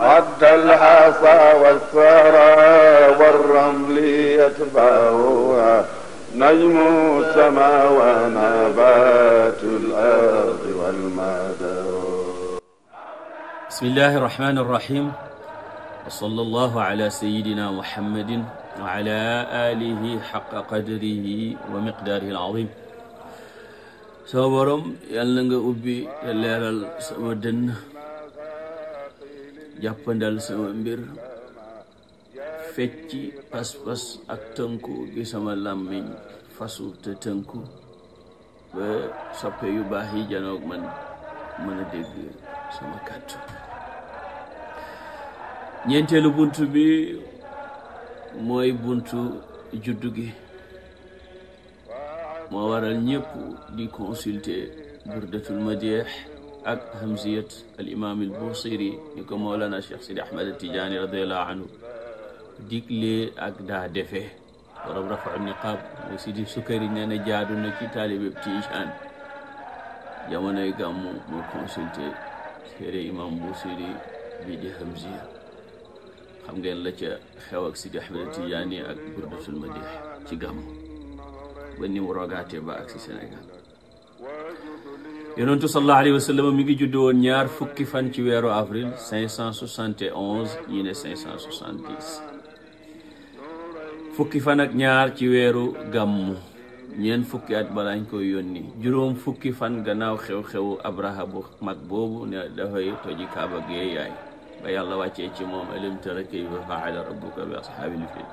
عد الحافى والثرى والرمل يتبعها نجم السما ونبات الأرض والمدى بسم الله الرحمن الرحيم وصلى الله على سيدنا محمد وعلى آله حق قدره ومقداره العظيم سوى borom yàlla nga ubbi te leeral sama dënn jàppandal sama mbir fecci pas-pas ak tënku bi sama làmmiñ fasu te tënku ba yu baax yi janoog man mën a sama kàddu ñeenteelu bunt bi mooy buntu juddu gi moo waral ñëpp di consulter burdatul madih ak hamziyat al imam al busiri ni ko moolana cheikh sidi ahmad tijaani radiallahu anhu diglee ak daa defee borom rafa niqaab mu sidi sukkari nee na jaadu na ci taalibeb tijaan jamonoy gàmmu mu consulté téere imam busiri bi di hamziya xam ngeen la ca xew ak sidi ahmad tijaani ak burdatul madih ci gàmmu ba ni mu rogaatee ba ak si Sénégal yonentu sallallahu alayhi wa mi ngi judd woon ñaar fukki fan ci weeru avril 571 ñi ne 570 fukki fan ak ñaar ci weeru gàmmu ñeent fukki at balaañ koy yónni juróom fukki fan gannaaw xew xew abraha bu mag boobu ne dafay toji kaaba gee yaay ba yàlla ci moom alam tara kayfa fa'ala rabbuka bi ashaabil fiil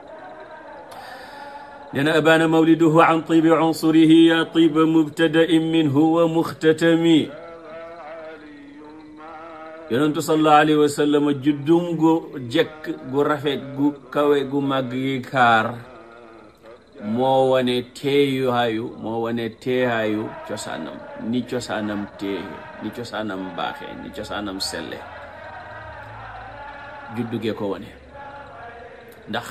لأن أبان مولده عن طيب عنصره يا طيب مبتدأ منه ومختتم yonentu sallallahu alayhi wa sallam juddum gu jekk gu rafet gu kawe gu màgg gi kaar moo wane teeyaayu moo wane teeyaayu cosaanam ni cosaanam teeye ni cosaanam baaxee ni cosaanam selle juddu gee ko wane ndax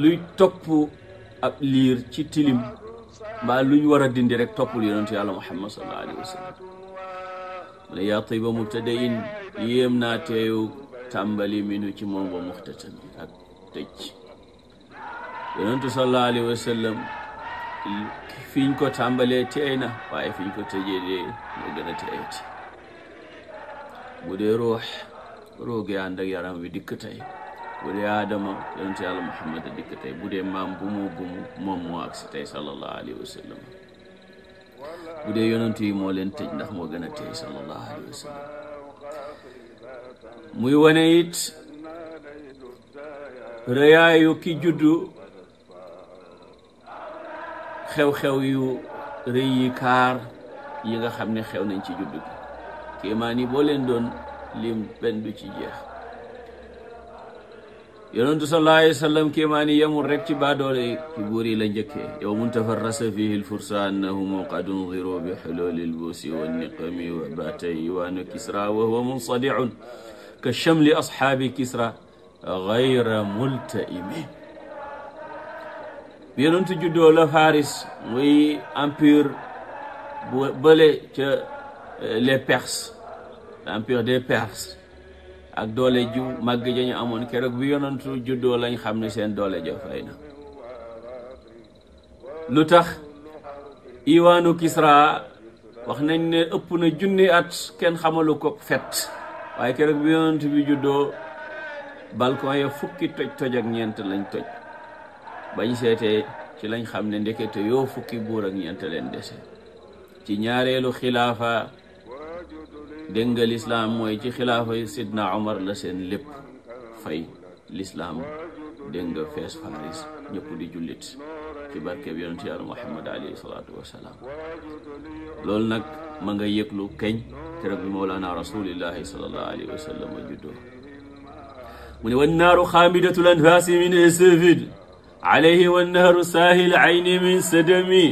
luy topp ab liir ci tilim mbaa lu ñu war a dindi rek toppul yonentu yàlla muhammad sallallahu alayhi wa sallam mu ne yaa tiba mubtadain yéem naa teeyu tàmbali minu ci moom ba muxtatan ak tëj yonentu sallallahu alayhi wa sallam fiñ ko tàmbalee teey na waaye fiñ ko tëjee dee moo gën a teeyati ruux ruugi ànd ak yaram wi dikk tey bu dee aadama yonent yàlla muhammad a bu dee maam bu moo gumu moom moo agsi tey sallallahu alayhi wa sallam yi moo leen tëj ndax moo gën a muy wane it rëyaayu ki juddu xew-xew yu rëy yi kaar yi nga xam ne xew nañ ci juddu gi kéemaan yi boo leen doon lim benn ci jeex yonentu sallallahu alayhi wa sallam kéemaani yemul rek ci baadoole ci buur yi la njëkkee yow mun tafarrasa fihi lfursa annahum qad unziru bi xululi lbuusi wa niqami wa batay iwaanu kisra wa huwa munsadicun ka shamli ashaabi kisra gayra multaimin bi yonentu juddoo la Faris muy empire bu bële ca euh, les Perses l'empire des Perses ak doole ju màgg ja amoon amoon keroog bi yonantu juddoo lañ xam ne seen doole ja fay na lu tax iwaanu Kisra wax nañ ne ëpp na junni at kenn xamalu ko fet waaye keroog bi yonantu bi juddoo balcon ya fukki toj toj ak ñeent lañ toj bañ seetee ci lañ xam ne ndekete yoo fukki buur ak ñeent leen dese ci ñaareelu xilaafa dégg nga lislaam mooy ci xilaafa sidna omar la seen lépp fay lislaam dégg nga fees faris ñëpp di jullit ci muhammad alayhi salaatu wasalaam loolu nag ma nga yëglu keñ keroog bi mawlaana rasulillahi salallahu alayhi wa sallam juddoo mu ne wan naaru min esafid alayhi wan naaru saahil ayni min sadami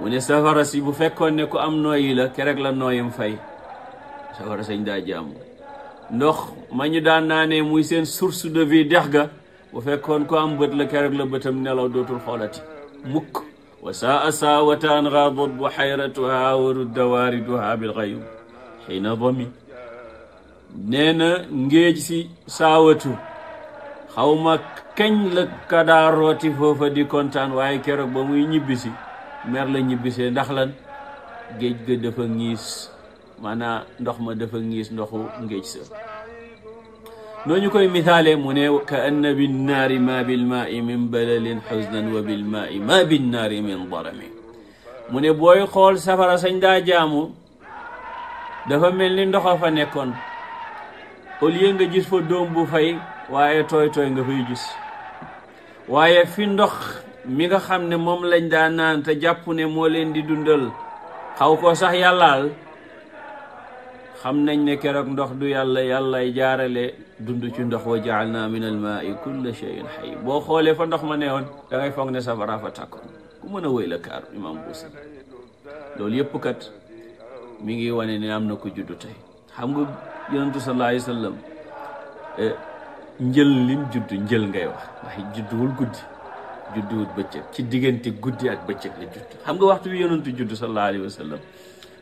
mu ne safara si bu fekkoon ne ko am nooyi la kerek la nooyam fay safara sañ daa jàmm ndox ma daan naanee muy seen source de vie dex ga bu fekkoon ko am bët la kerek la bëtam nelaw dootul xoolati mukk wa saa saawatan raadat buhayratuha wa rudda waariduha bil ghayb xiina dami nee na ngéej si saawatu xaw ma la kadaar rooti foofa di kontaan waaye keroog ba muy ñibbisi mer la ñibbisee ndax lan géej ga dafa ngiis maanaam ndox ma dafa ngiis ndoxu ngéej sa noo ñu koy misaale mu ne ka anna binnaari ma bilmaai min balalin xusnan wa bilmaai ma binnaari min darami mu ne booy xool safara sañ daa jaamu dafa mel ni ndox a fa nekkoon au lieu nga gis fa doom bu fay waaye tooy tooy nga fay gis waaye fi ndox mi nga xam ne moom lañ daa naan te jàpp ne moo leen di dundal xaw ko sax yàllaal xam nañ ne keroog ndox du yàlla yàllay jaarale dund ci ndox wa jaal naa min al maai kulla xay boo xoolee fa ndox ma ne woon da ngay foog ne safara fa tàkkoon ku mën a wéy la kaar imam buusi loolu kat mi ngi wane ne am na ko juddu tey xam nga yonentu sallallahu alayhi wa sallam eh, njël lim ngay wax ndax judduwul guddi judduwut bëccëg ci diggante guddi ak bëccëg la judd xam nga waxtu wi yonantu juddu sallallahu alayhi wa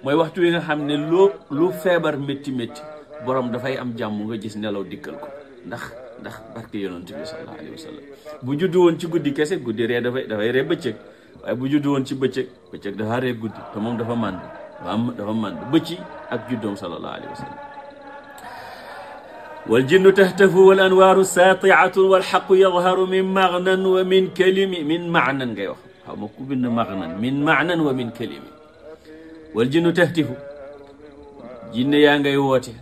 mooy waxtu wi nga xam ne loo lu feebar métti métti boroom dafay am jàmm nga gis nelaw dikkal ko ndax ndax barke yonantu bi sallallahu alayhi bu judd woon ci guddi kese guddi ree dafay dafay ree bëccëg waaye bu judd woon ci bëccëg bëccëg dafa ree guddi te moom dafa mànd dafa mànd bëcci ak juddoom sallallahu alayhi والجن تهتف والأنوار ساطعة والحق يظهر من مغنى ومن كلمة من معنى ngay wax xaw ma ku bind مغنى من معنى ومن كلمة والجن تهتف jinne yaa ngay woote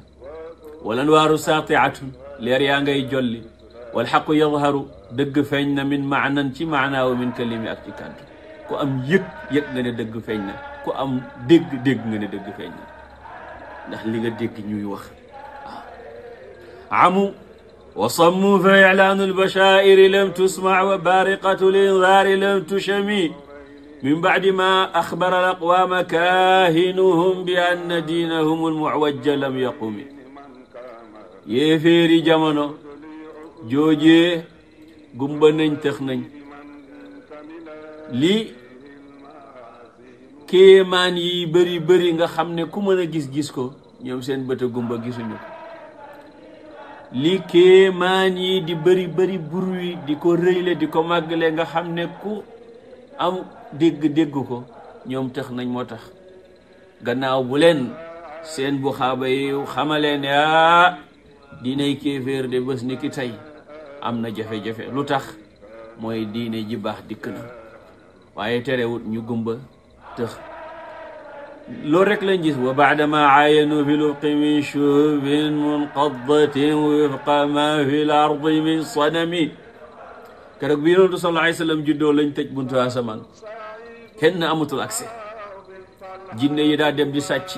walanwaaru saatiatun leer yaa ngay jolli walxaqu yadharu dëgg feeñ na min maanan ci maanaa wa min kalimi ak ci kàddu ku am yëg yëg nga ne dëgg feeñ na ku am dégg dégg nga ne dëgg feeñ na ndax li nga dégg ñuy wax عموا وصموا فإعلان البشائر لم تسمع وبارقة الإنذار لم تشمي من بعد ما أخبر الأقوام كاهنهم بأن دينهم المعوج لم يقم yéeféeri jamono joojee gumba nañ tëx nañ li kéemaan yi bëri bëri nga xam ne ku mën a gis-gis ko ñoom seen bët a gumba gisuñu ko li kéemaan yi di bëri bëri bruit di ko rëyle di ko màggale nga xam ne ku am dégg-dégg ko ñoom tax nañ moo tax gannaaw bu leen seen bu xaaba yi xamalee ne dina ah, diinay kéeféer de bés ni ki tey am na jafe-jafe lu tax mooy diine jibaax dikk na waaye terewut ñu gumba tëx loolu rek lañ gis wa baadama aayanu fi lufqi min shubin munqadatin wifqa ma fi l ardi min sanami keroog bi yonentu sallallahu alayhi wasallam juddoo lañ tëj buntu asamaan kenn amatul jinne yi daa dem di sàcc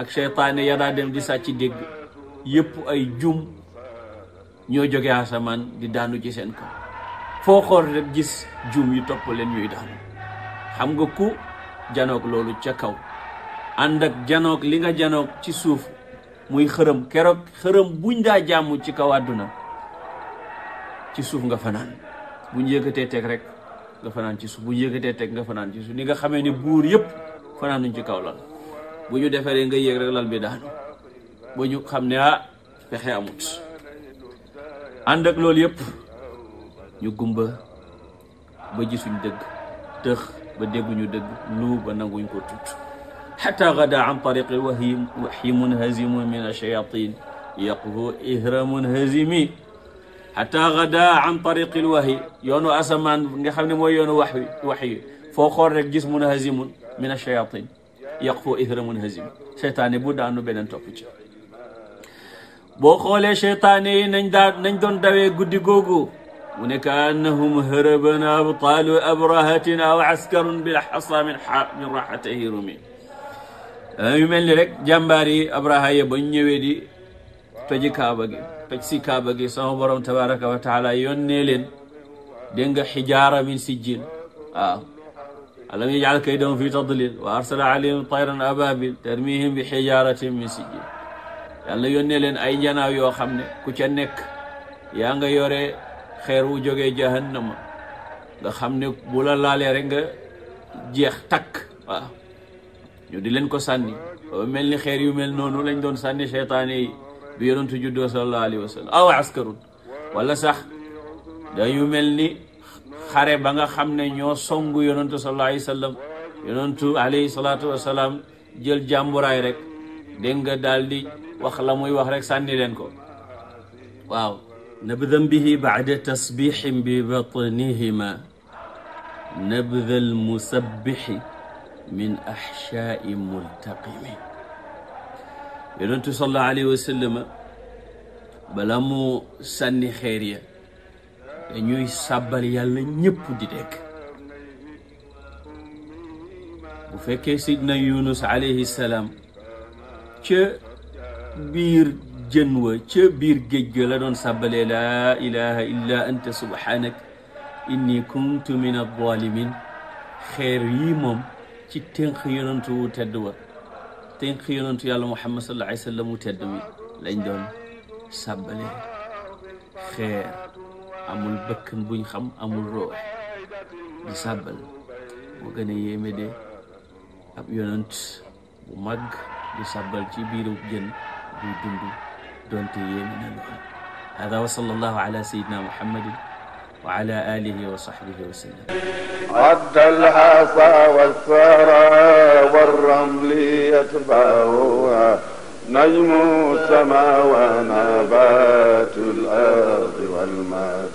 ak seytaane ya daa dem di sàcc dégg ay jum ñoo jóge asamaan di daanu ci seen kaw foo xool rek gis jum yi topp leen ñuy daanu ku janoog loolu ca kaw ànd ak janoog li nga janoog ci suuf muy xërëm keroog xërëm buñ daa jàmm ci kaw àdduna ci suuf nga fanaan buñ yëkkatee teg rek nga fanaan ci suuf buñ yëkkatee teg nga fanaan ci suuf ni nga xamee ni buur yëpp fanaanu ci kaw lal bu ñu defaree nga yéeg rek lal bi daanu ba ñu xam ne ah pexe amut ànd ak loolu yëpp ñu gumba ba gisuñ dëgg tëx ba dégguñu dëgg lu ba nanguñ ko tut xata gada an tariqi wahim wahimun hazimun min ash-shayatin yaqhu ihramun hazimi xata gada an tariqi lwahi yoonu asamaan nga xam ne mooy yoonu wax wi wax yi foo xool rek gis mun hazimun min ash-shayatin yaqhu ihramun hazimi seytaane bu daanu beneen topp ci boo xoolee seytaane yi nañ daa nañ doon dawee guddi googu mu ne kaannahum haraban abtaalu abrahatin aw askarun bil xasa min min raxatayhi rumi yu mel ni rek jàmbaar yi abraha ya bañ ñëwee di toji kaaba gi toj si kaaba gi sama borom tabaraka wa taala yónnee leen dégg nga xijaara min sijjin waaw alam yajal kaydahum fi tadlil wa arsala alayhim tayran ababil termihim bi xijaratin min sijjin yàlla yónnee leen ay njanaaw yoo xam ne ku ca nekk yaa nga yore xeer wu jógee jahannama nga xam ne bu la laalee rek nga jeex takk waaw ñu di leen ko sànni mel ni xeer yu mel noonu lañ doon sànni seytaane yi bi yonentu juddoo sallallahu alayhi wa sallam aw askarun wala sax dañu mel ni xare ba nga xam ne ñoo song yonentu sallallahu alayhi wa sallam yonentu alayhi salaatu wasalaam jël jàmburaay rek dégg nga daal di wax la muy wax rek sànni leen ko waaw نبذا بعد تسبيح ببطنهما نبذ المسبح من أحشاء ملتقم yonentu sallallahu alayhi wa sallam bala mu sànni xeer ya dañuy sàbbal yàlla ñëpp di dégg bu fekkee sidna Yunus alayhi salaam ca biir jën wa ca biir géej ga la doon sàbbalee laa ilaha illa anta subhanak inni kuntu min adh-dhalimin xeer yii moom ci tënk yonantu wu tedd wa tënk yonantu yàlla muhammad sallallahu alayhi wa sallam wu tedd mi lañ doon sàbbalee amul bëkkan buñ xam amul roox di sàbbal moo gën de ab yonant bu mag di sàbbal ci biiru jën buy dund doonte yéeme na lool hada wa sallallahu ala sayidina muhammadin wa ala alihi wa sahbihi wa sallam عد الحصى والثرى والرمل يتبعها نجم السماء ونبات الأرض والماء